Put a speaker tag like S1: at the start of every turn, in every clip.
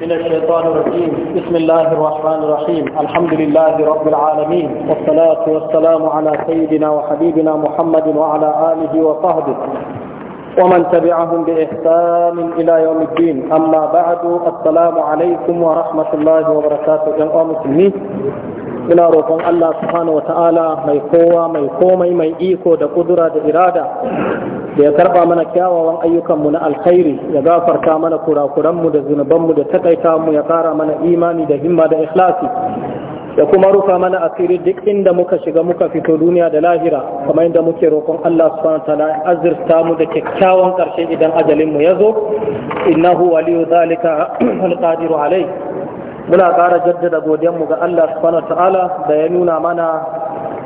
S1: من الشيطان الرجيم بسم الله الرحمن الرحيم الحمد لله رب العالمين والصلاة والسلام على سيدنا وحبيبنا محمد وعلى آله وصحبه ومن تبعهم بإحسان إلى يوم الدين أما بعد السلام عليكم ورحمة الله وبركاته جميع المسلمين ina roƙon Allah subhanahu wa ta'ala mai kowa mai komai mai iko da kudura da irada da ya karba mana kyawawan ayyukanmu na alkhairi ya gafarta mana kurakuranmu da zunubanmu da takaita mu ya kara mana imani da himma da ikhlasi ya kuma rufa mana asiri duk inda muka shiga muka fito duniya da lahira kamar inda muke roƙon Allah subhanahu ta'ala azurta mu da kyakkyawan ƙarshe idan ajalin mu zo innahu waliyu zalika alqadiru alai muna ƙara jaddada godiyar mu ga Allah subhanahu ta'ala da ya nuna mana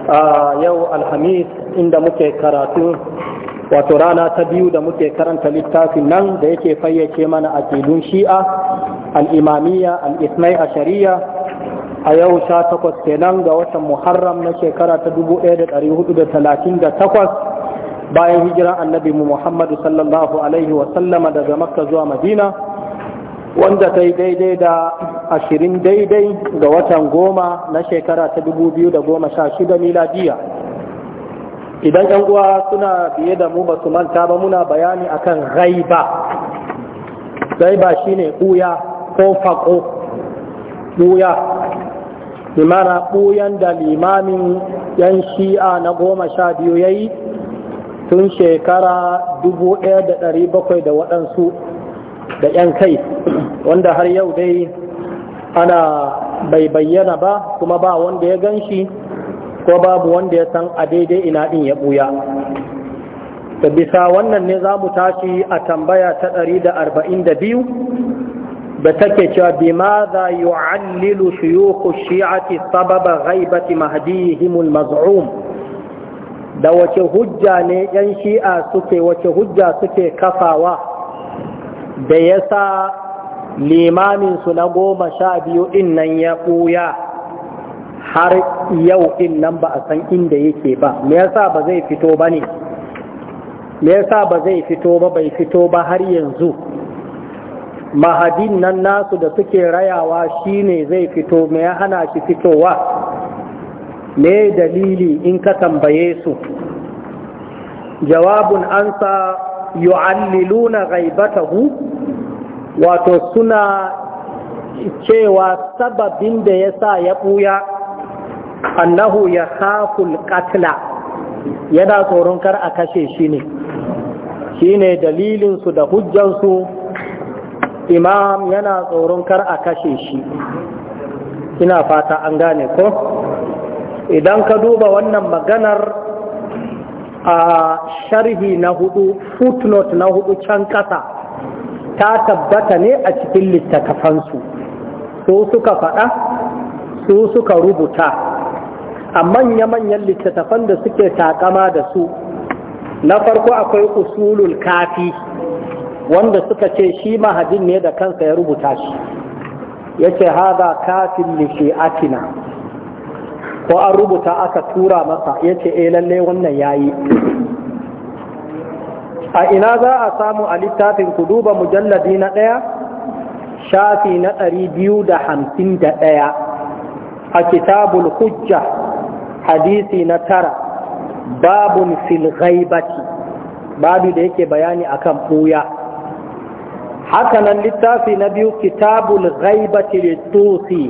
S1: a ah, yau alhamis inda muke karatu wato rana ta biyu da muke karanta littafin nan da yake fayyace mana a filin shi'a al'imamiyya al'ismai a shari'a a yau sha takwas kenan ga watan muharram na shekara ta 1438 bayan hijiran annabi mu muhammadu sallallahu alaihi wasallama daga makka zuwa madina wanda ta yi daidai da ashirin daidai ga watan goma na shekara ta 2016 miladiya idan yan uwa suna biye da mu ba su manta ba muna bayani akan raiba shi shine ɓuya ko faƙo ɓuya limana ɓuyan da limamin yan shi'a na goma sha biyu ya yi tun shekara dubu ɗaya da ɗari bakwai da waɗansu da yan kai wanda har yau dai ana bai bayyana ba kuma ba wanda ya gan shi ko babu wanda ya san a daidai ina ɗin ya buya da bisa wannan ne zamu tashi a tambaya ta 142 da take cewa ma za yu'allilu shuyukhu shi'ati sababa ghaibati mahdihimul mazum da wace hujja ne yan shi'a suke wace hujja suke kafawa da yasa limamin su na goma sha biyu din nan ya ɓuya har yau din nan ba a san inda yake ba me yasa ba zai fito ba ne me yasa ba zai fito ba bai fito ba har yanzu mahadin nan nasu da suke rayawa shine zai fito me ya hana shi fitowa me dalili in ka tambaye su jawabun ansa yu'alliluna ghaibatahu wato suna cewa sababin da yasa ya ɓuya annahu ya khaful katla yana tsoron kar a kashe shi ne shi ne dalilinsu da hujjansu imam yana tsoron kar a kashe shi ina fata an gane ko idan ka duba wannan maganar a sharhi na hudu footnote na hudu can kasa ta tabbata ne a cikin littattafansu su suka faɗa su suka rubuta a manya-manyan littattafan da suke takama da su na farko akwai usulul kafi wanda suka ce shi mahadin ne da kansa ya rubuta shi ya ce haza kafin atina. ko an rubuta aka tura masa ya ce e eh, lalle wannan yayi a ina za a samu a littafin ku duba mujalladi na ɗaya shafi na ɗari biyu da hamsin da ɗaya a kitabul hujja hadisi na tara babun fil ghaibati babu da yake bayani akan buya hakanan littafi na biyu kitabul ghaibati litusi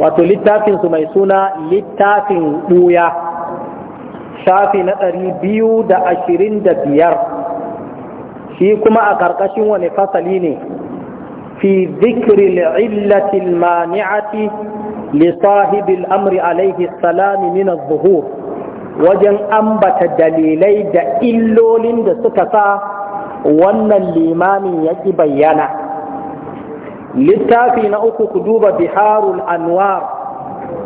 S1: wato littafin su mai suna littafin buya shafi na ɗari biyu da ashirin da biyar shi kuma a ƙarƙashin wani fasali ne fi zikirin illatil mani'ati لصاحب الأمر عليه السلام من الظهور وجن أنبت دليلي دا إلولين دا سكسا وأن الإمام يجي بيانا للتافي نأكو كدوب بحار الأنوار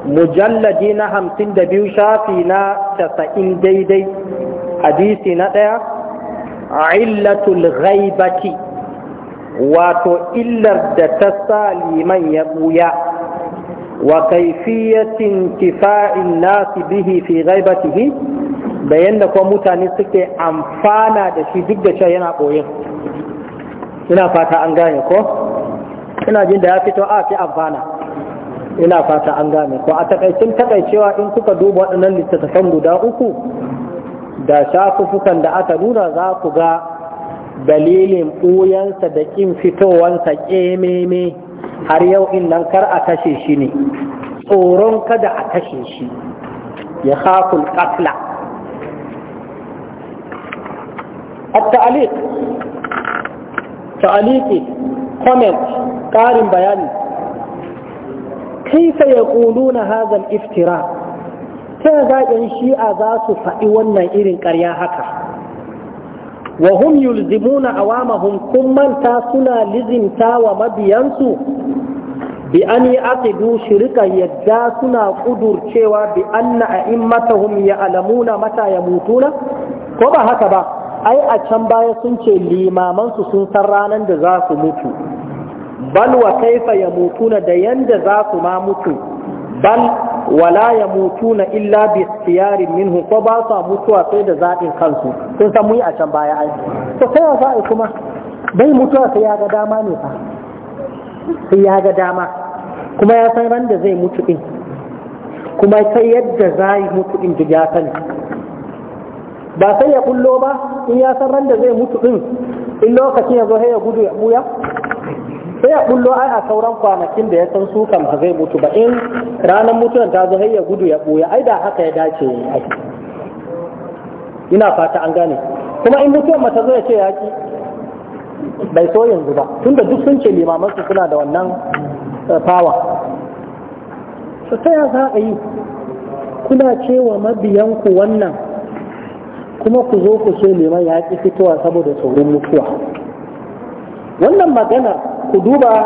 S1: مجلدين همسين دا بيوشا فينا تسعين ديدي حديثنا دا علة الغيبة wato illar da ta sa liman ya ɓuya وكيفية انتفاع الناس به في غيبته da yadda kuma mutane suke amfana da shi duk da cewa yana ɓoyin ina fata an gane ko ina jin da ya fito a fi amfana ina fata an gane ko a takaicin takaicewa in kuka duba waɗannan littattafan guda uku da shafuffukan da aka nuna za ku ga dalilin ɓoyansa da kin fitowansa ƙememe har yau in nan kar a kashe shi ne tsoron kada a kashe shi ya khaful qatla at-ta'liq ta'liqi comment ƙarin bayani kaifa yaquluna hadha al-iftira ta ga shi'a za su faɗi wannan irin ƙarya haka wa hum yulzimuna awamahum kun manta suna lizimta wa mabiyansu bi an yi aqidu shirka yadda suna kudurcewa bi anna a'immatahum alamuna mata ya yamutuna ko ba haka ba ai a can baya sun ce limamansu sun san ranar da za su mutu bal wa kaifa yamutuna da yanda za su ma mutu bal wala ya mutu na illa bi siyarin minhu ko ba sa mutuwa sai da zaɓin kansu sun san muyi a can baya ai to sai ya sa'i kuma bai mutuwa sai ya ga dama ne fa sai ya ga dama kuma ya san ran da zai mutu din kuma sai yadda za yi mutu din duk ya sani ba sai ya kullo ba in ya san ran da zai mutu din in lokacin ya zo ya gudu ya buya sai ya bullo ai a sauran kwanakin da ya san su kan ba zai mutu ba in ranar mutuwan ta zo ya gudu ya boye ai da haka ya dace ai ina fata an gane kuma in mutuwan mata zo ya ce ya bai so yanzu ba tunda duk sun ce limaman su suna da wannan fawa eh, su ta za a yi kuna cewa ku wannan kuma ku zo ku ce liman ya fitowa saboda tsoron mutuwa wannan maganar. ku duba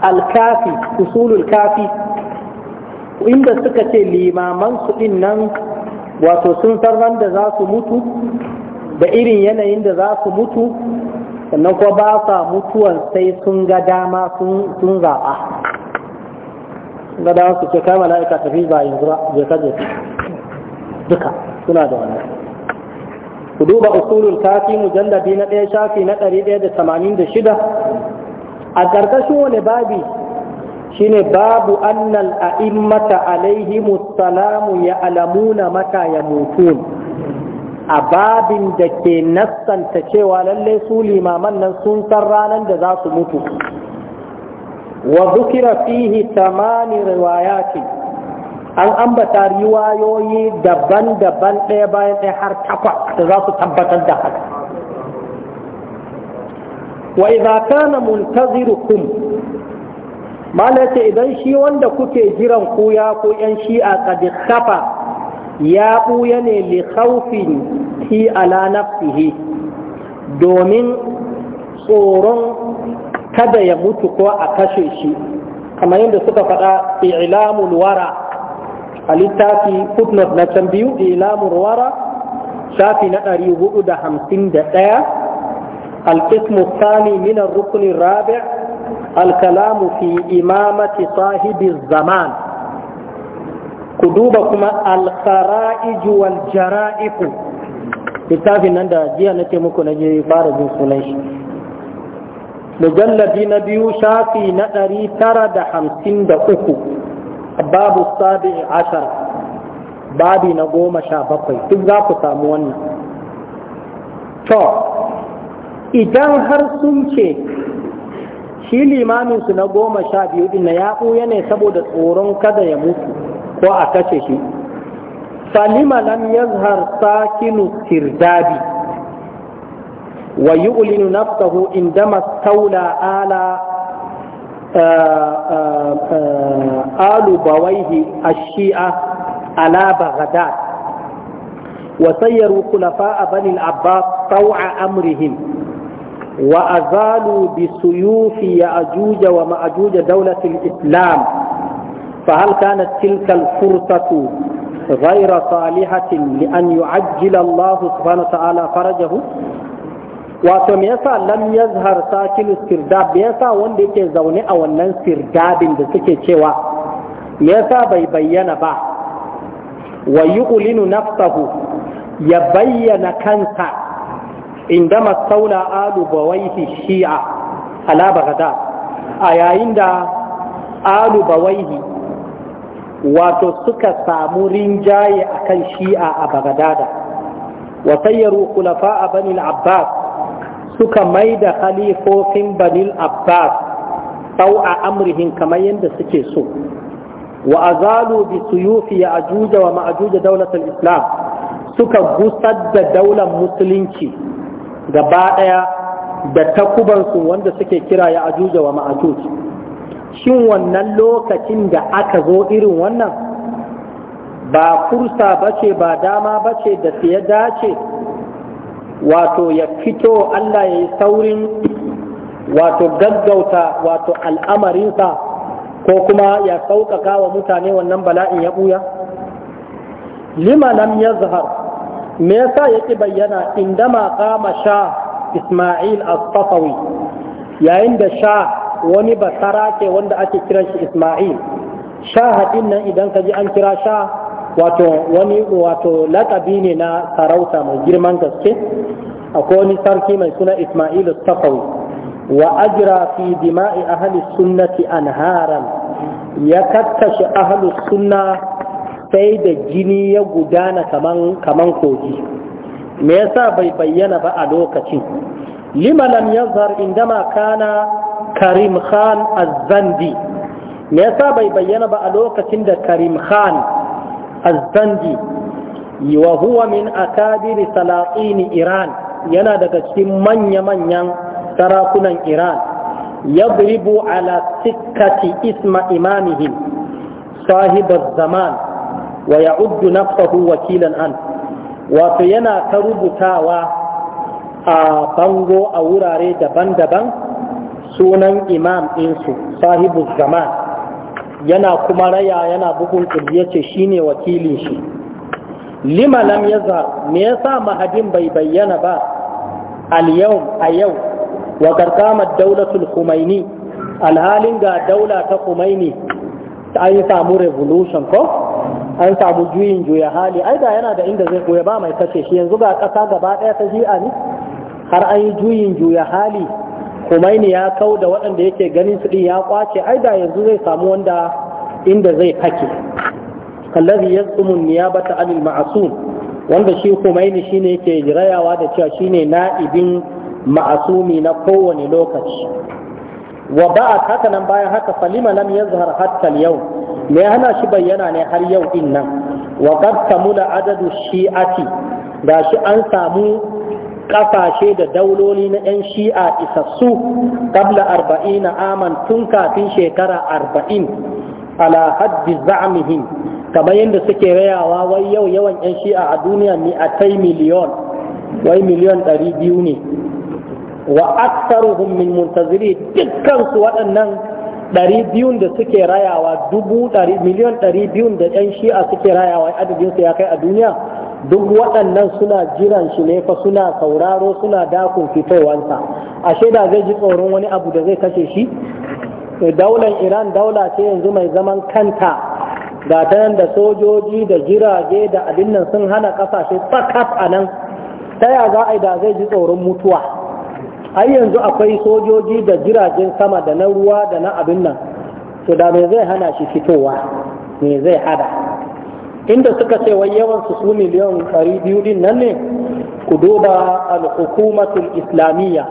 S1: alkafi usulul kafi inda suka ce limaman su din nan wato sun san da za su mutu da irin yanayin da za su mutu sannan kuma ba sa mutuwan sai sun ga dama sun zaɓa Sun ga dama su ce kai mala'ika tafi ba yanzu ba je ka je duka suna da wannan ku duba usulul kafi mujalladi na ɗaya shafi na ɗari ɗaya da tamanin da shida a ƙarƙashin wani babi shine babu annal immata alaihimu salamu ya alamuna mata ya mutu? a babin da ke nassanta cewa lallai su limaman nan sun san ranar da za su mutu wa zukira fihi tamani ce. an ambata riwayoyi daban-daban ɗaya bayan ɗaya har takwas da za su tabbatar da haka wa idza kana muntazirukum malaka idan shi wanda kuke jiran ku ya ko yan shi'a qad kafa ya buya ne li khawfin fi ala nafsihi domin tsoron kada ya mutu ko a kashe shi kamar yadda suka faɗa ilamul wara a littafi footnote na can biyu ilamul wara shafi na ɗari hudu da hamsin da ɗaya القسم الثاني من الركن الرابع الكلام في إمامة صاحب الزمان كدوبكما الخرائج والجرائف كتاب نندا جي نتي مكو نجي فارغ سليش مجلد نبيو شافي نأري ترد حمسين دقو باب السابع عشر بابي نقوم شابقي تبقى قصام ون idan har sun ce shi limaminsu na goma sha biyu din na ya ɓuya ne saboda tsoron kada ya mutu ko a kashe shi salima lam yazhar sakinu Tirdabi. wa yu'linu nafsahu indama taula ala eh, eh, eh, alu bawaihi ash-shi'a ala baghdad وسيروا a بني abba طوع amrihim wa azalu bi suyufi ya ajuja wa ma'ajuja daulatin islam fa hal kanat tilka al-fursatu غير صالحة لأن يعجل الله سبحانه وتعالى فرجه wato me yasa lam yazhar sakilu sirdab yasa wanda yake zaune a wannan sirdabin da suke cewa me yasa bai bayyana ba wa yuqlinu nafsahu ya bayyana kansa indama saula alu bawaihi shi'a ala bagada, a yayin da alu bawaihi wato suka samu rinjaye akan shi'a a baghdada wa sayyaru khulafa'a bani al-abbas suka maida khalifofin bani al-abbas a amrihin kamar yadda suke so wa azalu bi suyufi ya ajuja wa ma'ajuja daulatul islam suka gusar da daular musulunci gaba ɗaya da takubansu wanda suke kira ya ajuja wa ma'ajuj shin wannan lokacin da aka zo irin wannan ba fursa bace ba dama bace ce da ya dace wato ya fito Allah ya yi saurin wato gaggauta wato al'amarinsa ko kuma ya sauƙaƙa wa mutane wannan bala'in ya buya? lima lam ya zahar me yasa yake bayyana ma kama sha Ismail al safawi yayin da sha wani basara ke wanda ake kiran shi Ismail sha hadin nan idan ka ji an kira sha wato wani wato laqabi ne na sarauta mai girman gaske akwai wani sarki mai suna Ismail al safawi wa ajra fi dima'i ahli sunnati anharan ya kakkashe ahli sunna sai da jini ya gudana kaman kogi me yasa bai bayyana ba a lokacin lima lam yazhar indama kana karim khan az-zandi me yasa bai bayyana ba a lokacin da karim khan az-zandi wa huwa min akabiri salatin iran yana daga cikin manya-manyan sarakunan iran yadribu ala sikkati isma imamihim sahibar zaman wa ya'uddu nafsahu wakilan an wato yana ta rubutawa a bango a wurare daban-daban sunan imam ɗinsu sahibu zama. yana kuma raya yana bugun ya ce shine wakilin shi lima lam yazhar me yasa mahadin bai bayyana ba al a yau wa garkamar daulatul kumaini alhalin ga daula ta kumaini ta yi samu revolution ko an samu juyin juya hali ai da yana da inda zai koya ba mai kashe shi yanzu ga kasa gaba ɗaya ta ji ne har an yi juyin juya hali kumaini ya kau da waɗanda yake ganin su din ya kwace ai da yanzu zai samu wanda inda zai hake kallazi yasumu niyabata anil ma'asum wanda shi kumaini shine yake jirayawa da cewa shine na'ibin ma'asumi na kowane lokaci wa ba'at haka nan bayan haka salima lam yazhar hatta yau me hana shi bayyana ne har yau din nan wa qad kamula adadu shi'ati shi an samu kafashe da dauloli na yan shi'a isassu qabla 40 aman tun kafin shekara 40 ala haddi za'mihim kamar yadda suke rayawa wai yau yawan yan shi'a a duniya ni atai miliyon wai miliyon 200 ne wa aktsaruhum min muntaziri dukkan su waɗannan ɗari biyun da suke rayawa dubu miliyan ɗari biyun da ɗan shi'a suke rayawa adadin su ya kai a duniya duk waɗannan suna jiran shi ne fa suna sauraro suna dakon fitowansa ashe da zai ji tsoron wani abu da zai kashe shi eh, daular iran daula ce yanzu mai zaman kanta ga ta da sojoji da jirage da abin nan sun hana ƙasashe fakaf anan nan ta ya za a yi da zai ji tsoron mutuwa ai yanzu akwai sojoji da jiragen sama da na ruwa da na abin nan to da me zai hana shi fitowa me zai hada inda suka ce wai yawan su miliyan biyu din nan ne ku duba al islamiyya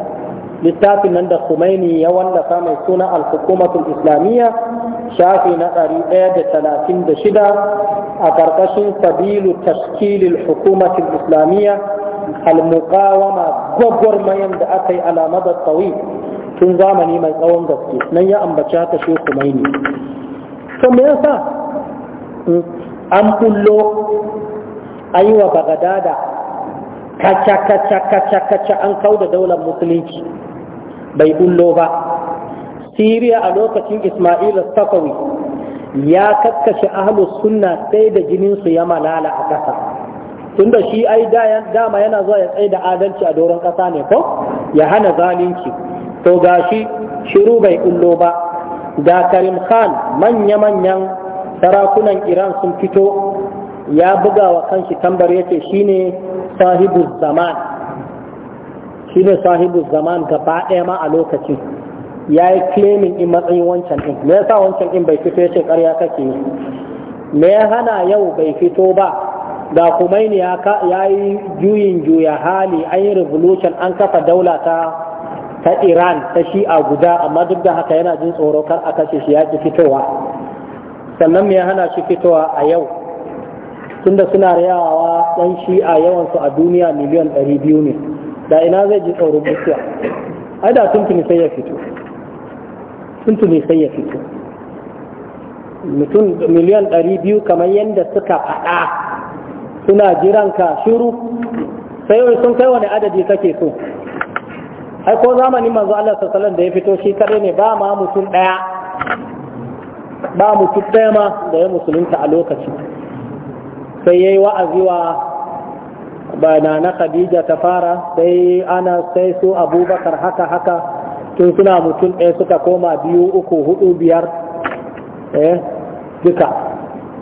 S1: littafin nan da Khomeini ya wallafa mai suna al-hukumatul islamiyya shafi na ɗaya da da talatin shida a ƙarƙashin sabilu tashkilil hukumatul islamiyya al-muqawama mayan da aka yi alamar tsawi tun zamani mai tsawon gaske nan ya ambaci haka shi kumaini to me yasa an kullo aiwa bagadada kaca kaca kaca kaca an da daular musulunci bai kullo ba siriya a lokacin ismail safawi ya kakkashe ahlus sunna sai da jininsu ya malala a ƙasa tunda shi ai dama yana zuwa ya tsaye da adalci a doron ƙasa ne ko ya hana zalunci to ga shi shiru bai kullo ba ga karim khan manya-manyan sarakunan iran sun fito ya buga wa kanshi tambar yace shine sahibu zaman shine sahibu zaman gaba ɗaya ma a lokacin ya yi claiming in matsayin wancan ɗin me yasa wancan ɗin bai fito ya yace ƙarya kake me ya hana yau bai fito ba da Khomeini ya yi juyin juya hali an yi revolution an kafa daula ta ta Iran ta shi'a guda amma duk da haka yana jin tsoro kar a kashe shi ya ki fitowa sannan me ya hana shi fitowa a yau tunda suna rayawa ɗan shi'a yawansu a duniya miliyan ɗari biyu ne da ina zai ji tsoron mutuwa ai da tuntuni sai ya fito tuntuni sai ya fito mutum miliyan ɗari biyu kamar yadda suka faɗa suna jiran ka shiru sai wai sun kai wani adadi kake so ai ko zamanin manzo Allah sallallahu da ya fito shi kare ne ba ma mutum daya ba mutum daya ma da ya musulunta a lokaci, sai yayi wa'azi wa bana na Khadija ta fara sai ana sai su Abubakar haka haka tun suna mutum ɗaya suka koma biyu uku hudu biyar eh duka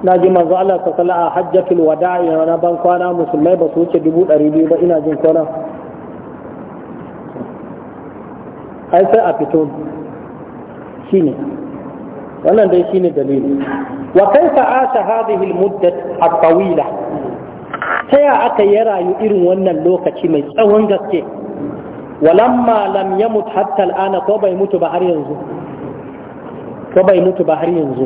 S1: na ji manzo Allah ta sala a hajjatul wada'i na ban kwana musulmai ba su wuce dubu ɗari biyu ba ina jin kwana ai sai a fito shine wannan dai shine dalili wa kaifa asha hadhihi al-muddat at-tawila ta ya aka ya rayu irin wannan lokaci mai tsawon gaske walamma lam yamut hatta al'ana ko bai mutu ba har yanzu ko bai mutu ba har yanzu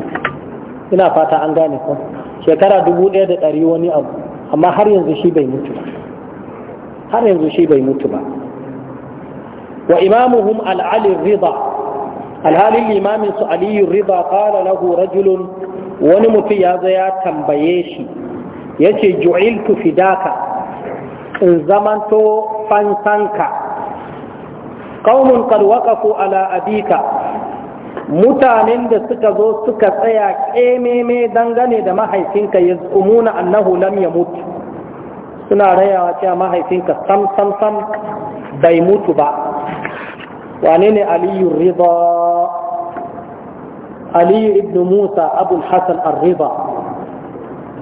S1: ina fata an gane ko shekara dubu ɗaya da ɗari wani abu amma har yanzu shi bai mutu ba har yanzu shi bai mutu ba wa imamuhum al'ali rida alhalin limamin su aliyu rida qala lahu rajulun wani mutum ya zo ya tambaye shi Ya yace ju'iltu fidaka in zamanto fansanka qaumun qad waqafu ala abika mutanen da suka zo suka tsaya kememe dangane da mahaifinka ya umuna annahu lam ya mutu suna rayawa cewa mahaifinka sam sam sam bai mutu ba wane ne aliyu riba aliyu ibn musa Abulhassan hassan ar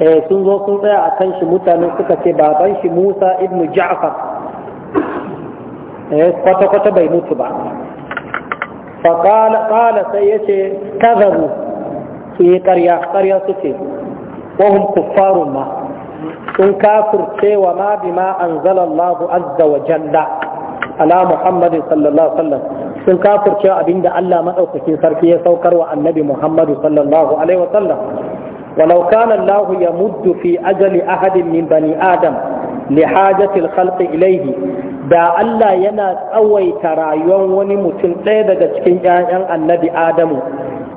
S1: eh sun zo sun tsaya a kan shi mutane suka ce baban shi musa ibn ja'far eh kwata-kwata bai mutu ba faƙala sai ya ce kazabu su yi ƙarya ƙarya suke wahum kuffarun ma sun kafirce wa ma bima allahu azza wa jalla ala muhammadu sallallahu sallam sun kafirce abinda Allah maɗaukakin sarki ya saukar wa annabi muhammadu sallallahu alaihi wa sallam ولو كان الله يمد في أجل أحد من بني آدم لحاجة الخلق إليه da Allah yana tsawaita rayuwar wani mutum ɗaya daga cikin ‘ya'yan annabi Adamu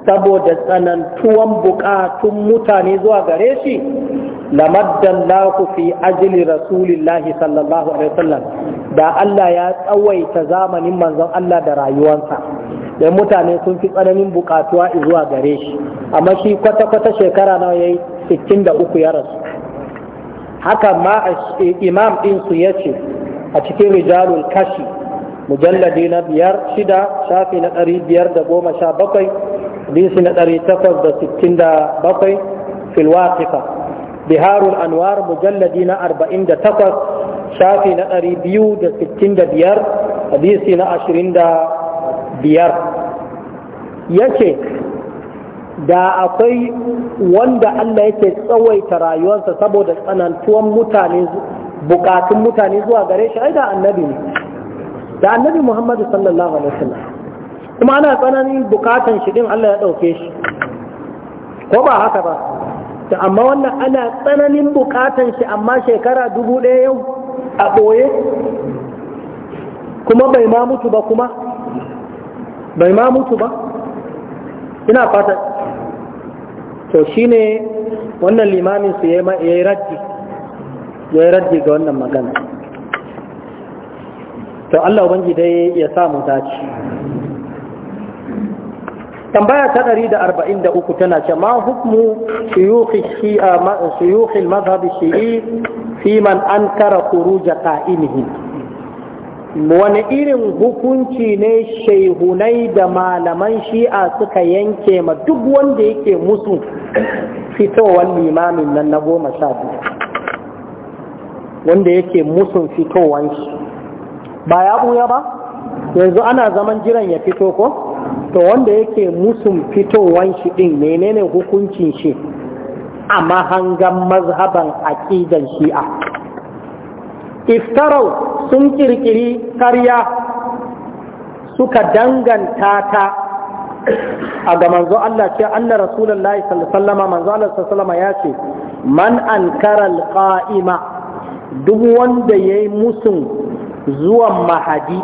S1: saboda tsanantuwan buƙatun mutane zuwa gare shi lamaddan fi ajili rasulillahi sallallahu alaihi wasallam da Allah ya tsawaita zamanin manzon Allah da rayuwarsa da mutane sun fi tsananin buƙatuwa zuwa gare shi amma shi kwata-kwata shekara nawa yi 63 ya rasu haka ma eh, imam ɗinsu ya ce a cikin rijalul kashi mujalladi na biyar shida shafi na ɗari biyar da goma sha bakwai hadisi na ɗari takwas da sittin da bakwai filwafifa biharul anwar mujalladi na arba'in da takwas shafi na ɗari biyu da sittin da biyar hadisi na ashirin da
S2: biyar yace
S1: da akwai wanda Allah yake tsawaita rayuwarsa saboda tsanantuwan mutane bukatun mutane zuwa gare shi da annabi ne da annabi Muhammadu sallallahu alaihi wasallam kuma ana tsananin bukatan shi din Allah ya dauke shi ko ba haka ba to amma wannan ana tsananin bukatan shi amma shekara dubu ɗaya yau a ɓoye kuma bai ma mutu ba kuma bai ma mutu ba ina fata to shine wannan limamin su ya yi raddi ya yi raddi ga wannan magana to Allah ubangi dai ya samu dace tambaya ta 143 tana ce ma hukmu shuyukhi shi'a ma shuyukhi al-madhhab shi'i fi man ankara khuruj qa'imihi wani irin hukunci ne shaihunai da malaman shi'a suka yanke ma duk wanda yake musu fitowar limamin nan na goma sha biyu wanda yake musun fitowan shi ba ya buya ba yanzu ana zaman jiran ya fito ko to wanda yake musun fitowan shi din menene hukuncin shi a mahangan mazhaban aqidan shi'a iftarau sun ƙirƙiri karya suka danganta ta a ga manzo Allah ce anna rasulullahi sallallahu alaihi manzo Allah sallallahu alaihi ya ce man ankara alqa'ima duk wanda ya yi musun zuwan mahadi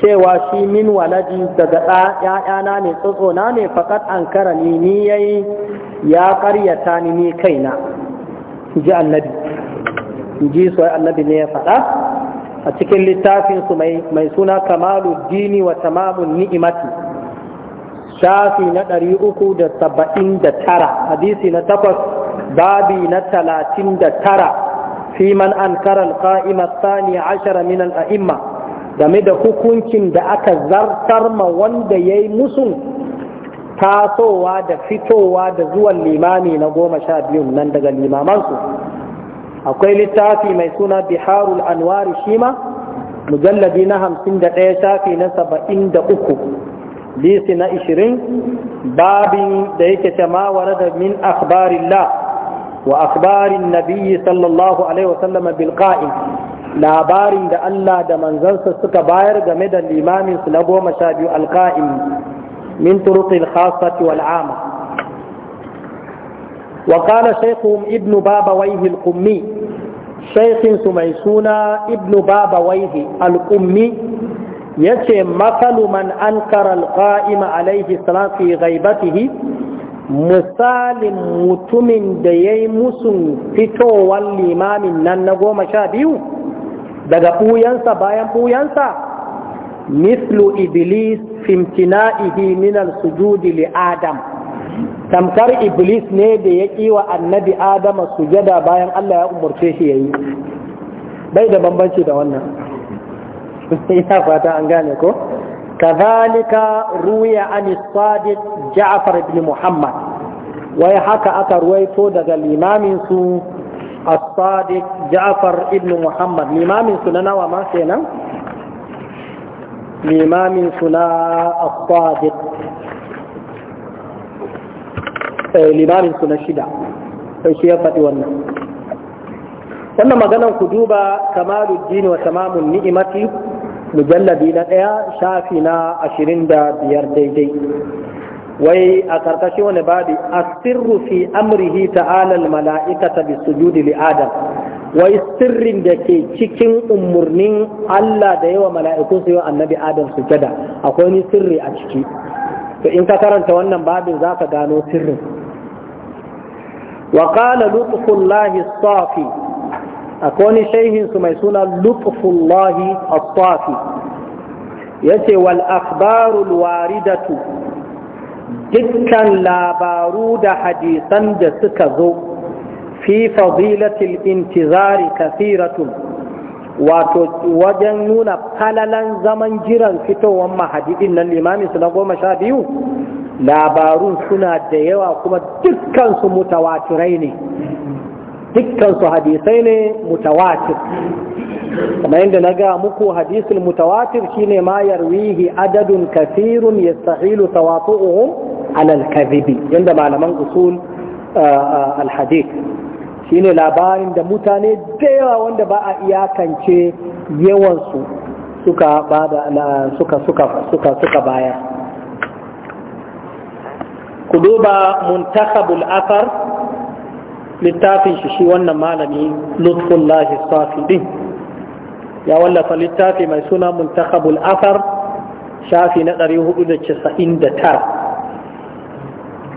S1: cewa shi min waladi daga ‘ya'yana ne tsotsona ne fakat an kara ni ni ya yi ya karyata ni ni kaina ji annabi ji soyi annabi ne ya faɗa a cikin littafinsu mai suna kamalu dini wa tamamun ni'imati shafi na ɗari uku da saba'in da tara, hadisi na takwas babi na talatin da tara. fi man an karal qaim ath ashara min al game da hukuncin da aka zartar ma wanda yayi musun tasowa da fitowa da zuwan limami na goma sha biyu nan daga limamansu akwai littafi mai suna biharul anwari shima mujalladi na hamsin da ɗaya shafi na saba'in da uku disi na ishirin babin da yake tamawa da min akhbarillah وأخبار النبي صلى الله عليه وسلم بالقائم labarin da Allah da manzansa suka bayar game da limamin su na goma sha biyu alka'im min turuqil khassati wal ama wa qala ibnu baba waihi al qummi mai suna ibnu baba waihi al qummi yace masalu man ankara al fi ghaibatihi misalin mutumin da ya yi musun fitowar limamin nan na goma sha biyu daga ɓuyansa bayan ɓuyansa mislu iblis fimtina'ihi minal sujudi li adam tamkar iblis ne da ya wa annabi adama sujada bayan allah ya umarce shi ya yi bai da bambanci da wannan ina fata an gane ko kazalika ruya an sadiq ja'far ibn muhammad wai haka aka ruwaito daga limamin su as ja'far ibn muhammad limamin na nawa ma kenan limamin na shida sai shi ya faɗi wannan wannan maganan ku duba Dini wa tamamun ni'imati mujalladi na ɗaya shafi na ashirin da biyar daidai wai a karkashi wani babi sirru fi amrihi ta'ala mala'ikata bi sujudi li adam wai sirrin da ke cikin umarnin Allah da yawa mala'ikun su yi annabi adam su jada akwai ni sirri a ciki to in ka karanta wannan babin za ka gano sirrin Wakala qala lutfullahi akwai wani shahinsu mai suna lutfullahi as ya ce wal akhbarul waridatu dukkan labaru da hadisan da suka zo fi fadilatil intizari kasiratun wato wajen nuna falalan zaman jiran fitowar mahadidin nan limamin su na goma sha biyu labarun suna da yawa kuma dukkansu mutawatirai ne dukkansu hadisai ne mutawatir kuma yadda na ga muku hadisul mutawatir shine ma yarwihi adadun kathirun yastahilu tawatu'uhum alal kadhibi yadda malaman usul uh, uh, al-hadith shine labarin da mutane da yawa wanda ba a iyakance yawansu suka bada suka suka suka suka bayar ku duba muntakhabul asar littafin shi shi wannan malami lutfullahi safi din ya wallafa littafi mai suna muntakabul afar shafi na 499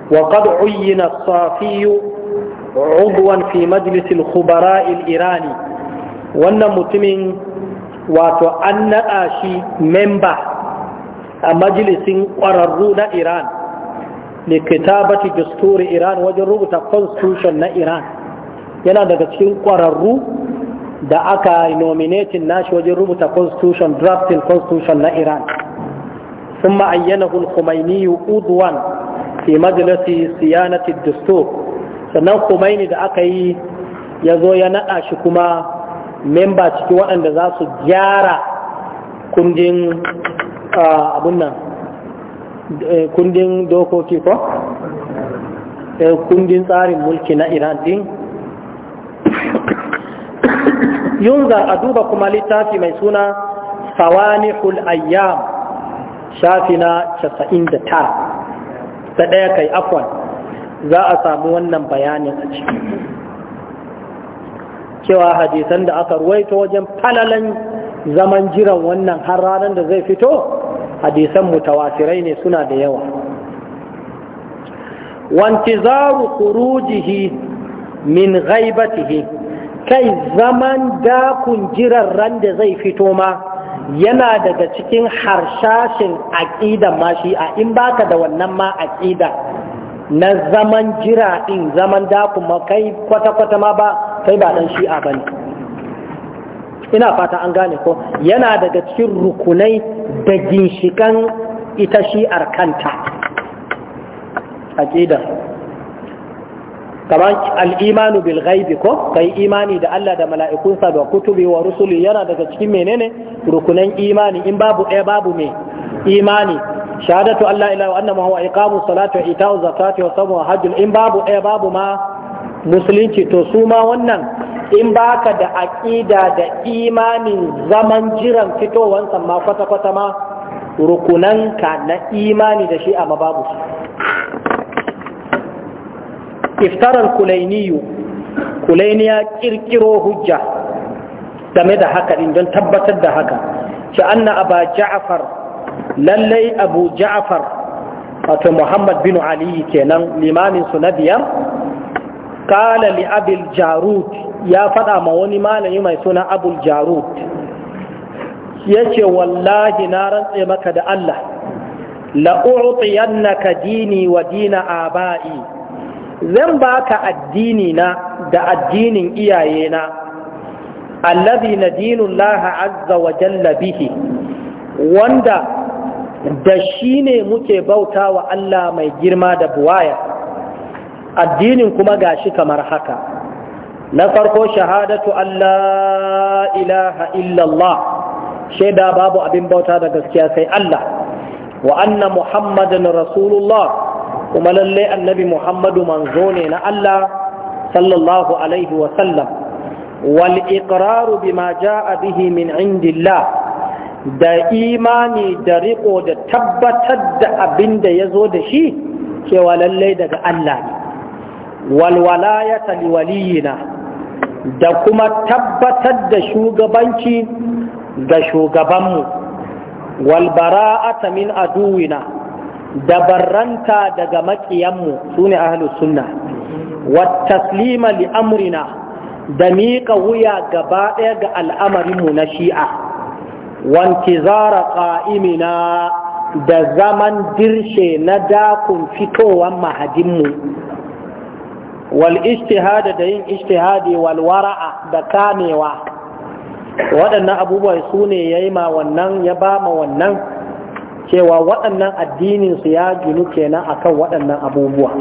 S1: وقد عين الصافي عضوا في مجلس الخبراء الإيراني وأن متمن واتو أن آشي ممبا مجلس قررون إيران likitabati dasturi iran wajen rubuta constitution na iran yana daga cikin kwararru da aka nominatin nashi wajen rubuta constitution drafting constitution na iran ثم عينه الخميني udwan في مجلس صيانة الدستور sannan Khomeini da aka yi ya zo ya naɗa shi kuma memba ciki waɗanda za su gyara kundin abun nan Eh, kundin dokoki ko eh, kundin tsarin mulki na iran din Yunza a duba kuma littafi mai suna sawanihul ayyam shafi na 99 da ɗaya kai afwan za a samu wannan bayanin a ciki cewa hadisan da aka ruwaito wajen falalan zaman jiran wannan har ranar da zai fito hadisan mutawatirai ne suna da yawa wantizaru khurujihi min ghaibatihi kai zaman dakun jiran ran da zai fito ma yana daga cikin harshashin aƙida ma shi'a, in baka da wannan ma aƙida na zaman jira ɗin zaman dakun ma kai kwata-kwata ma ba kai ba ɗan shi'a ba ne ina fata an gane ko yana daga cikin rukunai da ginshikan ita shi arkanta kanta aqidar kamar al'imanu bil ko kai imani da Allah da mala'ikunsa da kutubi wa rusuli yana daga cikin menene rukunan imani in babu ɗaya babu me imani shahadatu Allah ila wa annama huwa iqamu salati wa ita'u zakati wa samu hajjul in babu ɗaya babu ma musulunci to su ma wannan in baka da aƙida da imanin zaman jiran fitowansa ma kwata-kwata ma rukunanka na imani da shi a mababu iftarar kulainiyu Kulainiya ƙirƙiro hujja game da haka din don tabbatar da haka ce anna aba lallai abu ja'far wato muhammad bin ali kenan limamin su na biyar kala li abil jarut ya faɗa ma wani malami mai suna abul jarut ya ce wallahi na rantse maka da Allah la'u'tiyannaka dini wa dina aba'i zan baka addini na da addinin iyayena allazi na laha azza wa jalla bihi wanda da shi ne muke bauta wa Allah mai girma da buwaya addinin kuma ga shi kamar haka na farko shahadatu Allah ilaha illallah shaida babu abin bauta da gaskiya sai Allah wa anna muhammadan rasulullah kuma lalle annabi muhammadu manzo ne na Allah sallallahu alaihi wa sallam wal iqraru bima jaa bihi min indillah da imani da riko da tabbatar da abin da ya zo da shi cewa lallai daga Allah walwalayata liwaliyina da kuma tabbatar da shugabanci ga shugabanmu walbara'ata min aduwina da barranta daga maƙiyanmu su ne ahalus sunna wattaslima li amrina da miƙa wuya gaba ɗaya ga al'amarinmu na shi'a zara ƙa'imina da zaman dirshe na dakun fitowar mahadinmu wal ijtihada da yin ijtihadi wal wara'a da kamewa waɗannan abubuwa su ne ya yi ma wannan ya ba ma wannan cewa waɗannan addinin su ya ginu kenan akan waɗannan abubuwa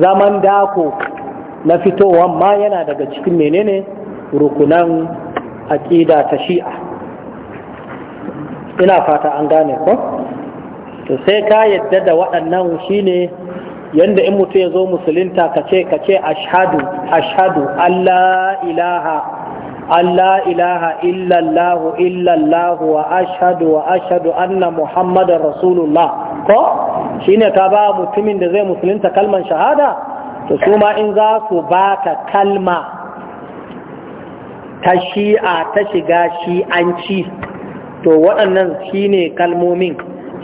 S1: zaman dako na fitowa ma yana daga cikin menene rukunan aƙida ta shi'a ina fata an gane ko sai ka yadda da waɗannan shine yanda in mutum ya zo musulunta ka ce ka ce ashadu ashadu Allah ilaha Allah ilaha illallahu illallahu wa ashadu wa ashadu anna muhammadar rasulullah ko shine ka ba mutumin da zai musulunta kalman shahada to su ma in za su ba ka kalma ta shi'a ta shiga shi'anci to waɗannan shine kalmomin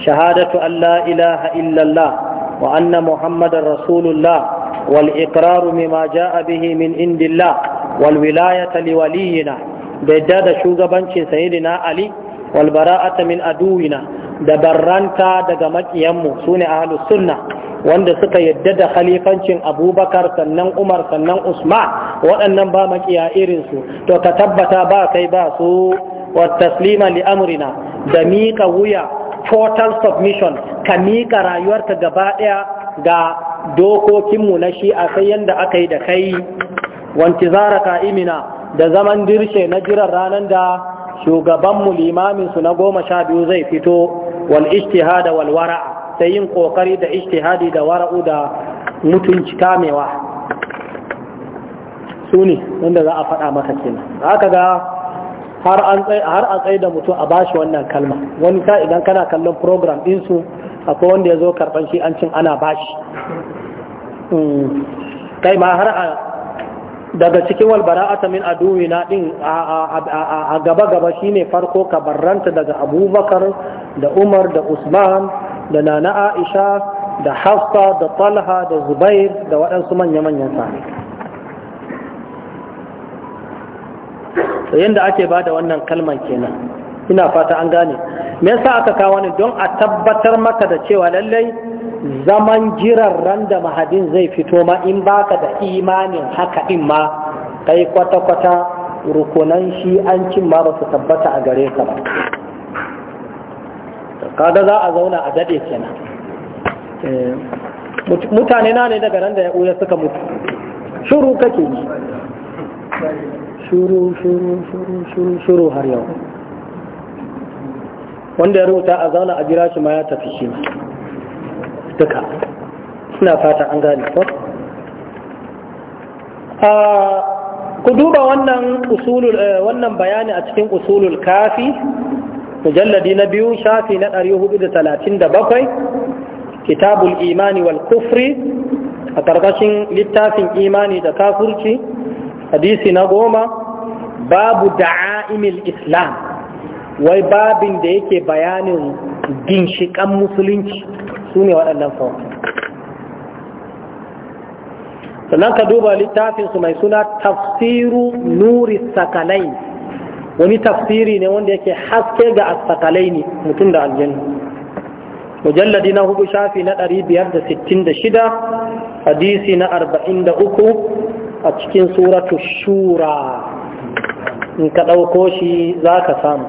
S1: shahadatu Allah ilaha illallah وأن محمد رسول الله والإقرار بما جاء به من عند الله والولاية لولينا بجد شوغبانش سيدنا علي والبراءة من أدونا دبرانتا دقمت يمو سنة أهل السنة wanda suka yadda da khalifancin abubakar sannan umar sannan usma waɗannan ba makiya irinsu to ka tabbata ba kai ba su taslima li amrina da miƙa wuya total submission ka miƙa rayuwarka gaba ɗaya ga dokokinmu na shi a sai yadda aka yi da kai wanti zara ka'imina da zaman dirshe na jiran ranar da shugabanmu su na goma sha biyu zai fito wal ishtihada wal wara sai yin kokari da ishtihadi da wara'u da mutunci kamewa su ne wanda za a faɗa maka kenan haka ga har a tsaye da mutum a bashi wannan kalma wani ta idan kana kallon program ɗinsu akwai wanda ya zo karɓar shi an cin ana bashi hmm. kai ma har a daga cikin walbara atamin a na ɗin a gaba-gaba shi ne farko ka daga abubakar da umar da usman da nana aisha da hafsa da talha da zubair da waɗansu manya-manyan sami to yanda ake ba da wannan kalman kenan ina fata an gane me yasa aka kawo ni don a tabbatar maka da cewa lallai zaman jiran ran da mahadin zai fito ma in baka da imanin haka din ma kai kwata-kwata rukunan shi an cin ma ba su tabbata a gare ka ba kaga za a zauna a daɗe kenan eh, mutane na ne daga ran da ya suka mutu shuru kake yi shuru shuru shuru shuru shuru har yau wanda ya rubuta a zauna a jira shi ma ya tafi shi duka suna fata an gane ko ku duba wannan usulul eh, wannan bayani a cikin usulul kafi mujalladi na biyu shafi na 437 kitabul imani wal kufri a ƙarƙashin littafin imani da kafurci hadisi na goma babu da'a'imil islam wai babin da yake bayanin ginshiƙan musulunci su ne waɗannan sauran sannan ka duba littafinsu mai suna tafsiru nuri sakalai wani tafsiri ne wanda yake haske ga sakalai ne mutum da aljanna mujalladi na hudu shafi na 566 hadisi na 43 a cikin suratu shura in ka ɗauko shi za ka samu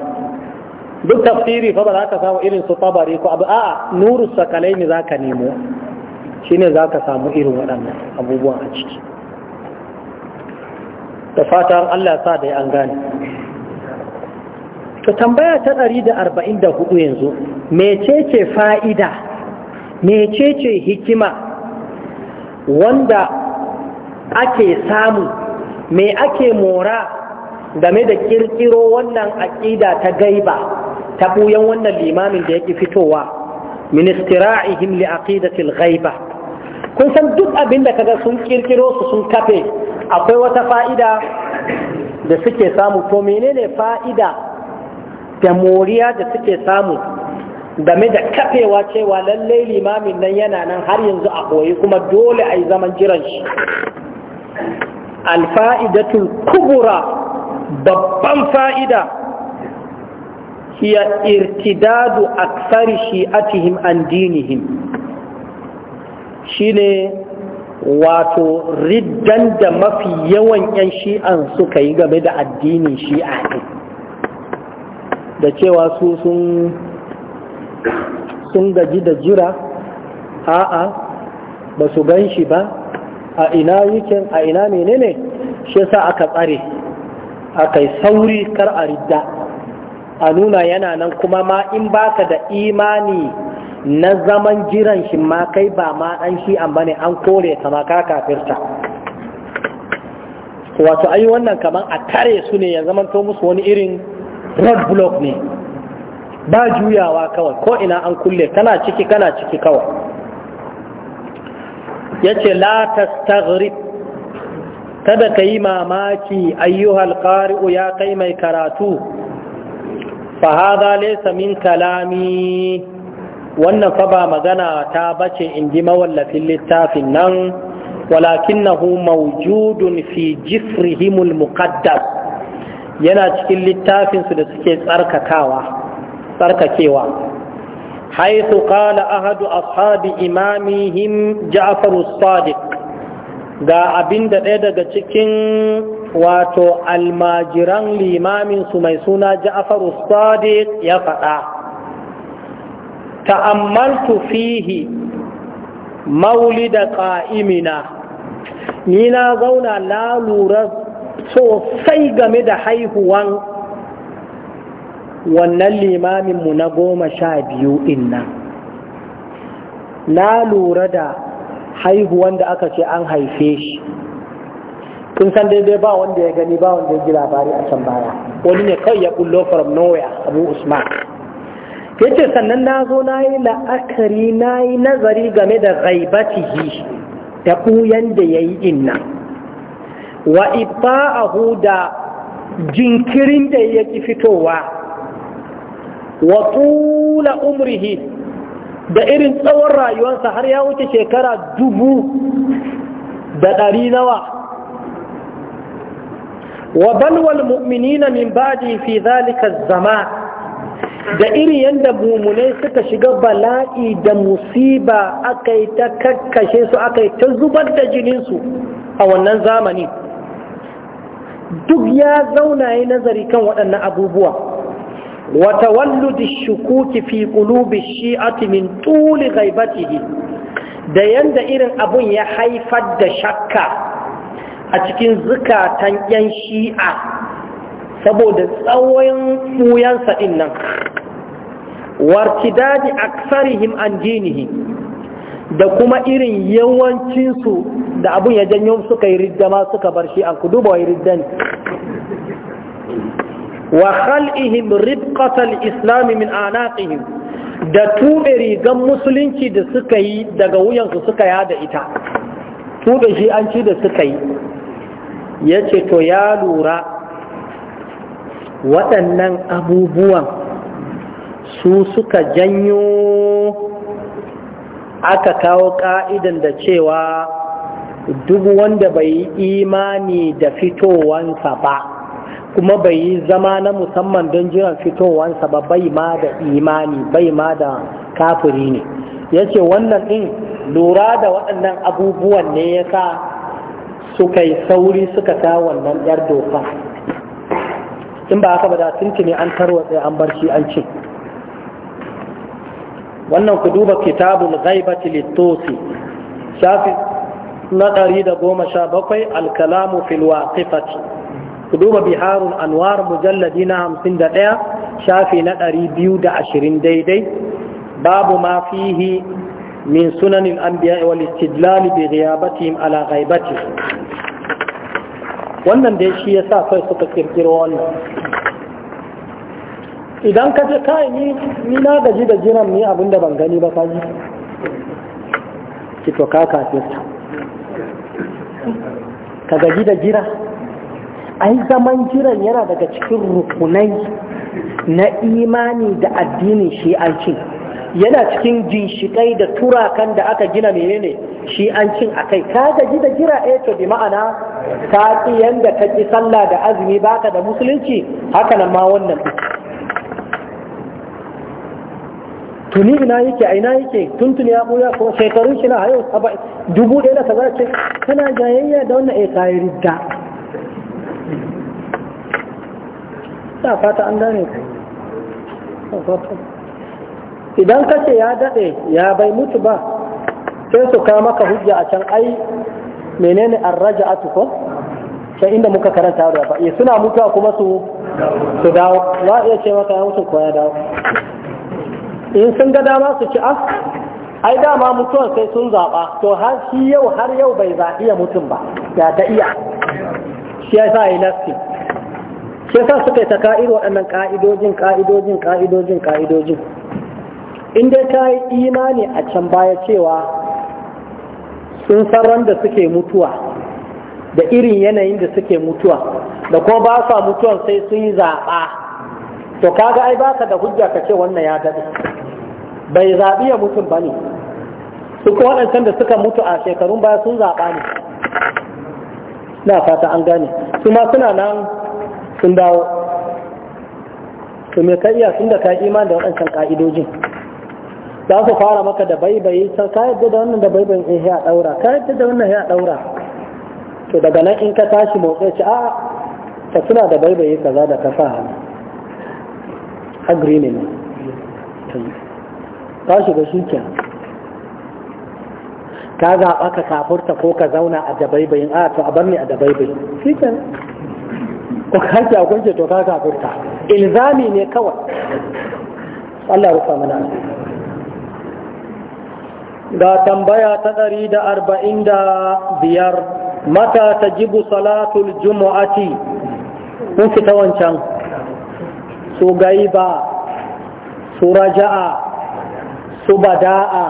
S1: duk tafsiri fa ba za ka samu irin su tabari ko abu a'a nuru sakalai ne za ka nemo shi ne za ka samu irin waɗannan abubuwan a ciki da fatan Allah sa da an gane ta tambaya ta ɗari da da hudu yanzu mecece fa'ida mecece hikima wanda ake samu me ake mora game da kirkiro wannan aƙida ta gaiba ta buyan wannan limamin da yake fitowa min istira'ihim li aqidatil ghaiba kun san duk abin da kaga sun kirkiro su sun kafe akwai wata fa'ida da suke samu to menene fa'ida da moriya da suke samu game da kafewa cewa lallai limamin nan yana nan har yanzu a koyi kuma dole a yi zaman jiran shi alfa'idatul kubura babban fa'ida hiya irtidadu aksari shi'atihim an dinihim shine wato riddan da mafi yawan 'yan shi'an suka yi game da addinin shi'a ne da cewa su sun gaji da jira a'a ba su gan shi ba a ina yukin a ina menene shi sa aka tsare yi sauri kar a ridda a nuna yana nan kuma ma in baka da imani na zaman jiran shi ma kai ba ma dan shi an bane an kore ta ma ka kafirta wato ayi wannan kaman a tare su ne ya zaman to musu wani irin road block ne ba juyawa kawai ko ina an kulle kana ciki kana ciki kawai yace la tastaghrib kada ka yi mamaki ayyuhal ƙari'u ya kai mai karatu fa haza laysa min kalami wannan fa ba magana ta bace in ji mawallafin littafin nan walakinahu mawjudun fi jifrihimul muqaddas yana cikin littafinsu da suke tsarkakawa tsarkakewa حيث قال أحد أصحاب إمامهم جعفر sadiq ga abin da ɗaya daga cikin wato almajiran limaminsu mai suna ja'afaru sadiq ya faɗa ta'ammaltu fihi da ƙa'imina ni na zauna na lura sosai game da haihuwan wannan limaminmu na goma sha biyu inna na lura da Haihu wanda aka ce an haife shi kun san daidai ba wanda ya gani ba wanda ya ji labari a can baya wani ne kawai ya kullo from nowhere abu usman ya ce sannan na zo na yi la'akari na yi nazari game da ghaibatihi da ɓuyan da ya yi inna wa a da jinkirin da ya ki fitowa wa tula umrihi da irin tsawon rayuwarsa har ya wuce shekara dubu da ɗari nawa wa balwal mu'minina min ba'di fi zalika zama da irin yadda mumunai suka shiga bala'i da musiba aka yi ta kakkashe su aka yi ta zubar da jininsu a wannan zamani duk ya zauna ya nazari kan waɗannan abubuwa وتولد الشكوك في قلوب الشيعة من طول غيبته da yanda irin abun ya haifar da shakka a cikin zukatan yan shi'a saboda tsawon fuyansa din nan wartidadi aksarihim an dinihi da kuma irin yawancinsu da abun ya janyo suka yi riddama suka bar shi an kudu ba yi wa khal'ihim ribqatal islam min da tube rigan musulunci da suka yi daga wuyansu suka yada ita tube shi an ci da suka yi yace to ya lura waɗannan abubuwan su suka janyo aka kawo ƙa'idan da cewa duk wanda bai yi imani da fitowansa ba kuma bai yi zama na musamman don jiran fitowansa ba bai ma da imani bai ma da kafiri ne ya ce wannan ɗin lura da waɗannan abubuwan ne ya sa suka yi sauri suka ta wannan yar doka in ba haka ba da tuntuni an tarwatsa an bar an ce wannan ku duba kitabul ghaibati littosi shafi na ɗari da goma sha bakwai alkalamu fil waqifati ku duba biharun anwar mujalladi na hamsin da ɗaya shafi na ɗari biyu da ashirin daidai babu ma fihi min sunanin an anbiya wal istidlali ya ghiyabatihim ala ghaibati wannan dai shi ya sa kai suka kirkiro wannan idan ka je kai ni ni na gaji da jiran ni abinda ban gani ba kaji ki to ka kafirta
S2: ka gaji da jira
S1: ai zaman jiran yana daga cikin rukunai na imani da addinin shi'anci yana cikin ginshiƙai da turakan da aka gina menene shi'ancin a kai ka gaji da jira eto eh, to bi ma'ana ka ƙi yadda ka ƙi sallah da azumi baka da musulunci haka nan ma wannan tuni ina yake a ina yake tuntuni ya ɓuya ko shekarun shi na hayo dubu ɗaya da ta ce kana jayayya da wannan ya eh, kayi ridda ta fata an gane ku idan ka ce ya daɗe ya bai mutu ba sai su kama maka hujja a can ai menene an raja a tuko sai inda muka karanta da ba eh, suna mutuwa kuma su su dawo za a iya ce maka ya mutu ko ya dawo in sun ga dama su ci af ah, ai dama mutuwan sai sun zaɓa to har shi yau har yau bai zaɓi ya mutum ba ya ta iya shi ya sa yi nasti sai sa suka yi ta ka'ir waɗannan ka'idojin ka'idojin ka'idojin ka'idojin in dai ta yi imani a can baya cewa sun san da suke mutuwa da irin yanayin da suke mutuwa da kuma ba sa mutuwan sai sun yi zaɓa to kaga ai baka da hujja ka ce wannan ya daɗe bai zaɓi ya mutum ba ne su kuma waɗancan da suka mutu a shekarun baya sun zaɓa ne na fata an gane su ma suna nan sun dawo to me ka iya sun da ka iman da waɗancan ka'idojin za su fara maka da baibaye ta ka yadda da wannan da baibayin eh, in ya daura, ka yadda da wannan ya daura. to daga nan in ka tashi motsa ci a ka suna da baibaye kaza da ka sa hannu agri ne ka shiga shi ka zaɓa ka kafurta ko ka zauna a dabaibayin a to a bar ni a dabaibayin shi ko a ki to ka kafirta ilzami ne kawai Allah rufa mana ga tambaya ta ɗari da arba'in da biyar mata ta jibu salatul jumu'ati mun fita wancan su gaiba su raja'a su bada'a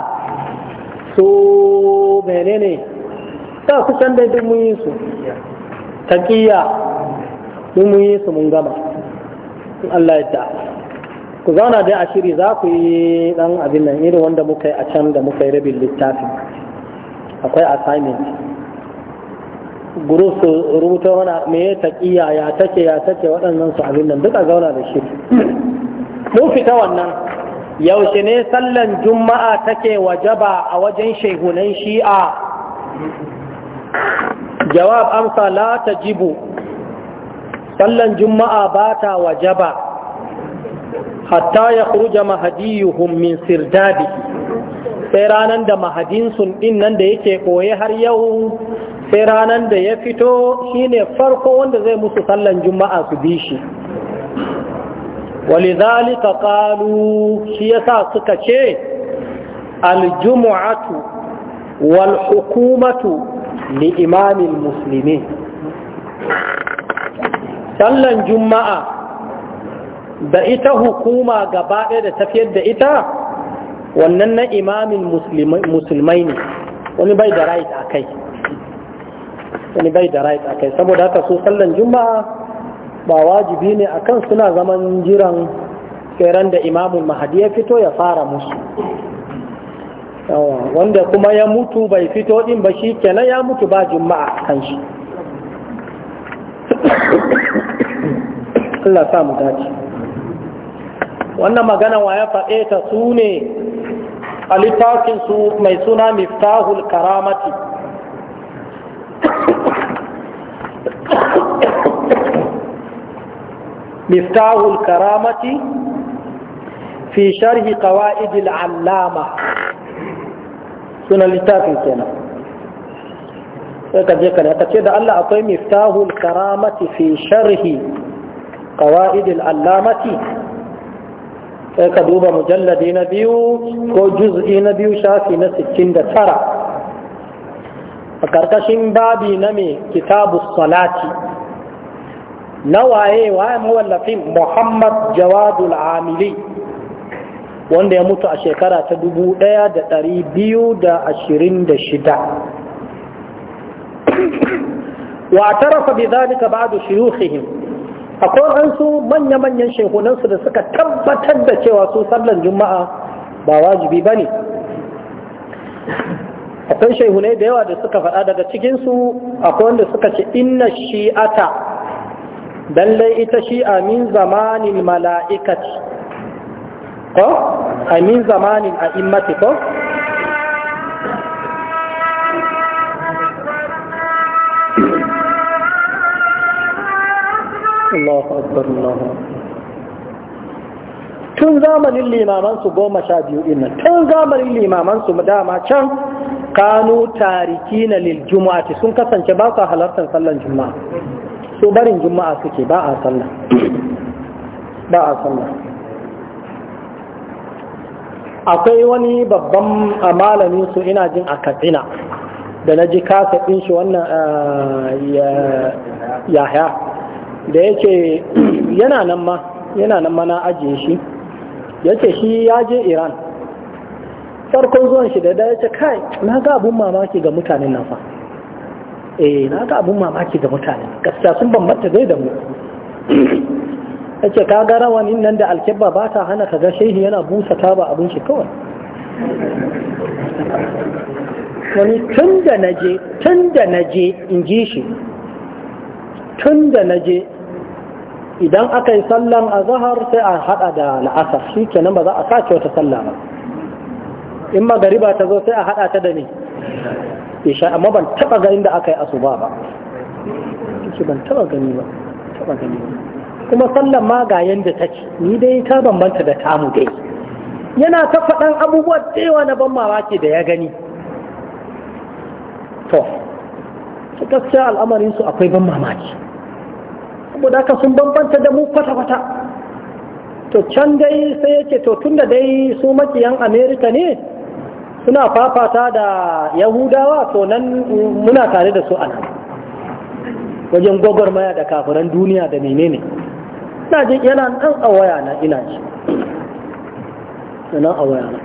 S1: su menene ta kusan da duk mun ta su mun yi su mun gama in Allah yadda ku zauna dai a shiri za ku yi dan abin nan irin wanda muka yi a can da muka yi rabin littafin akwai assignment guru su rubuta mana me ya taƙiya ya take ya take waɗannan su abin nan duka zauna da shi mun fita wannan yaushe ne sallan juma'a take wajaba a wajen shehunan shi'a jawab amsa la tajibu sallan juma'a ba ta wajaba hatta ya kuruja mahadiyuhum min sirdadi sai ranar da mahadinsun din nan da yake koye har yau sai ranar da ya fito shine farko wanda zai musu sallan juma'a su bi shi ولذلك قالوا شيسا سكتشي الجمعة والحكومة لإمام Musulmi? sallan juma'a da ita hukuma gaba ɗaya da tafiyar da ita wannan na imamin musulmai ne wani bai da right a kai wani bai da right a kai saboda haka su sallan juma'a ba wajibi ne a kan suna zaman jiran tseren da imamin mahadi ya fito ya fara musu wanda kuma ya mutu bai fito din ba shi kenan ya mutu ba juma'a kan shi Allah sa mu dace wannan magana wa ya faɗe ta su ne a littafin su mai suna miftahul karamati miftahul karamati fi sharhi qawaidil allama suna littafin kenan sai ka je ka ne ka ce da Allah akwai miftahul karamati fi sharhi qawaidil allamati sai ka duba mujalladi na biyu ko juz'i na biyu shafi na sittin da tara. a karkashin babi na mai kitabu salati na waye waye mawallafin muhammad jawadul amili wanda ya mutu a shekara ta ɗaya da da ɗari biyu 1226 wa tarafa bi zalika ba'du shuyukhihim akwai ansu manya-manyan shehunansu da suka tabbatar da cewa su sallan juma'a ba wajibi ba ne akwai shehunai da yawa da suka faɗa daga cikinsu akwai wanda suka ce inna shi'ata lallai ita shi'a min zamanin mala'ikati ko a min zamanin a'immati ko Allahu akbar Allahu tun zamanin limaman su goma sha biyu din tun zamanin limaman su dama can kanu na lil jumu'ati sun kasance ba su halartar sallan juma'a su barin juma'a suke ba a sallah ba a sallah akwai wani babban malamin su ina jin a katsina da na ji kasa ɗin shi wannan ah, yahya da yake yana nan ma yana nan mana ajiye shi yace shi ya je iran farkon zuwan shi da da yace kai na ga abun mamaki ga mutanen nan fa eh na ga abun mamaki ga mutanen gaskiya sun bambanta zai da mu yace ka ga in nan da Alkibba ba ta hana ka ga shehi yana busa taba abun shi kawai wani tun da naje tun da naje in ji shi tun da naje idan aka yi sallan a zahar sai a hada da la'asa shi kenan ba za a sace wata sallah ba in magariba ta zo sai a hada ta da ne isha amma ban taba ganin da aka yi asuba ba shi ban taba gani ba taba gani ba kuma sallan ma ga yanda take ni dai ta bambanta da tamu dai yana ta faɗan abubuwa cewa na ban mamaki da ya gani to gaskiya al'amarin su akwai ban mamaki saboda aka sun bambanta da mu kwata-kwata to can dai sai yake to tunda dai su makiyan amerika ne suna fafata da yahudawa to nan muna tare da su a nan wajen gwagwarmaya da kafiran duniya da menene ina ji yana nan a waya na ina ji nan a waya na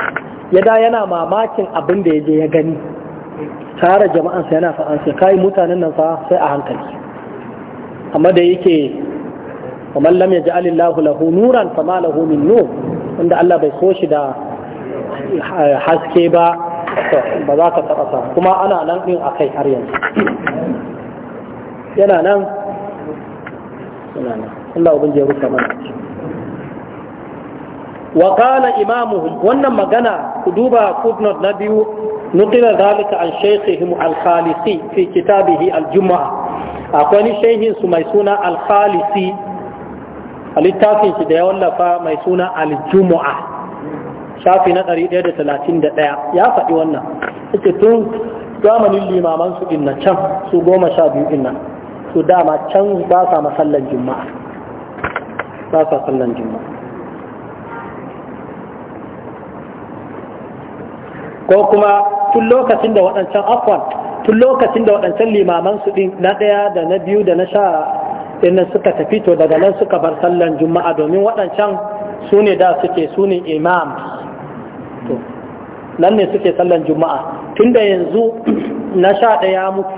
S1: Yada yana mamakin abin da ya je ya gani tare jama'ansa yana fa'ansa kai mutanen nan fa sai a hankali amma da yake kamar lam ya ji alillahu lahu nuran fama lahu min nur wanda Allah bai so shi da haske ba ba za ka taɓa samu kuma ana nan ɗin a kai har yanzu yana nan yana nan Allah ubin je rufe mana wa qala imamuhum wannan magana ku duba footnote na biyu نقل ذلك عن شيخهم الخالصي في كتابه الجمعة akwai ni shehin su mai suna al-khalisi a littafin shi da ya wallafa mai suna aljumu'a. shafi na 131 ya faɗi wannan suke tun zamanin limaman su inna can su goma sha biyu inna su dama can ba sa masallan juma'a ba sa sallan juma'a ko kuma tun lokacin da waɗancan afwan tun lokacin da waɗancan limaman su ɗin na ɗaya da na biyu da na sha ɗin suka tafi to daga nan suka bar sallan juma'a domin waɗancan su ne da suke su ne imam to nan ne suke sallan juma'a tun da yanzu na sha ɗaya mutu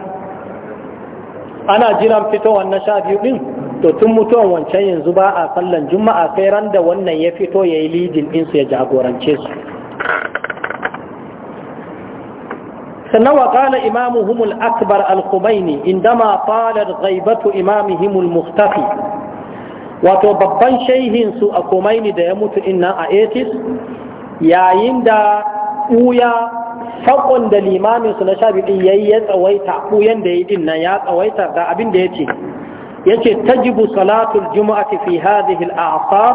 S1: ana jiran fitowar na sha biyu ɗin to tun mutuwan wancan yanzu ba a sallan juma'a sai ran da wannan ya fito ya yi lidin ɗinsu ya jagorance su sannan wa qala imamuhum al-akbar al-khumaini indama talat ghaibatu imamihim al muhtafi wato babban shehin su a Khomeini da ya mutu inna a 80 yayin da uya fakon da limamin su na sha yayi ya tsawaita uyan da yayi din ya tsawaita da abin da yace yace tajibu salatul jumu'ati fi hadhihi al-a'sar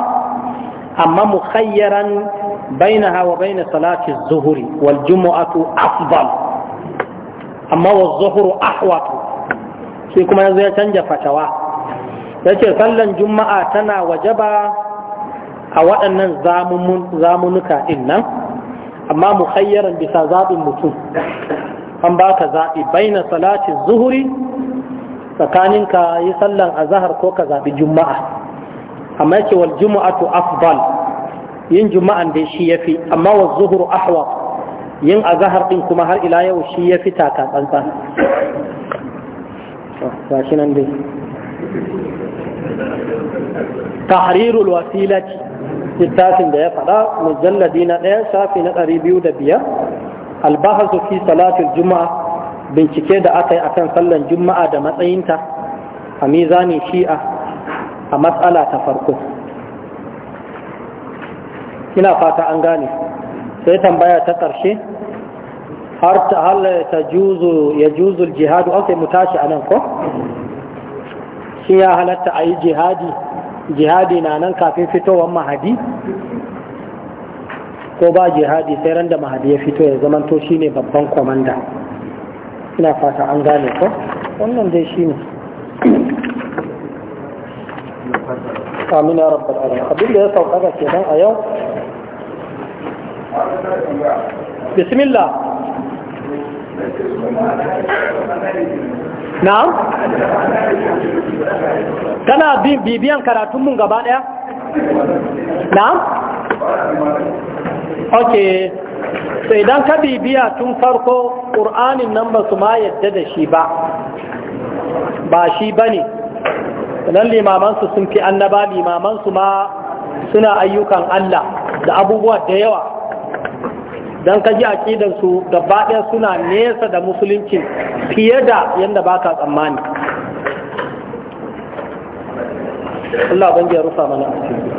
S1: amma mukhayyaran bainaha wa bain salati az-zuhri wal jumu'atu afdal amma wa zuhuru ahwatu sai kuma yanzu ya canja fatawa ya ce sallan juma'a tana wajaba a waɗannan zamunuka ɗin nan amma mu hayyaran bisa zaɓin mutum an ba ka zaɓi baina salati zuhuri tsakanin ka yi sallan azahar ko ka zaɓi juma'a amma yake wal juma'atu afdal yin juma'an da shi yafi amma wa zuhuru ahwatu yin azahar ɗin kuma har ila yau shi ya fita taka tsantsan ba shi nan dai wasilati littafin da ya faɗa mujalladi na ɗaya shafi na ɗari biyu da biyar albahazu fi salatul juma'a bincike da aka yi a kan sallan juma'a da matsayinta a mizanin shi'a a matsala ta farko ina fata an gane sai tambaya ta ƙarshe har ta halatta ya juzul jihadu ok mu tashi anan ko shi ya halatta a yi jihadi jihadi na nan kafin fitowar mahadi ko ba jihadi sai ran da mahadi ya fito ya zamanto shi ne babban kwamanda ina fata an gane ko wannan dai shi ne amina rabbal alamin abinda ya sauƙaƙa kenan a yau bismillah na'am kana bibiyan karatun mun gaba daya na'am sai idan ka bibiya tun farko ƙur'anin nan ba su ma yadda da shi ba ba shi ba ne nan limamansu sun fi annaba limamansu ma suna ayyukan Allah da abubuwa da yawa don ka ji aƙidansu gaba ɗaya suna nesa da musulunci fiye da yadda ba ka tsammani Allah ban rufa mana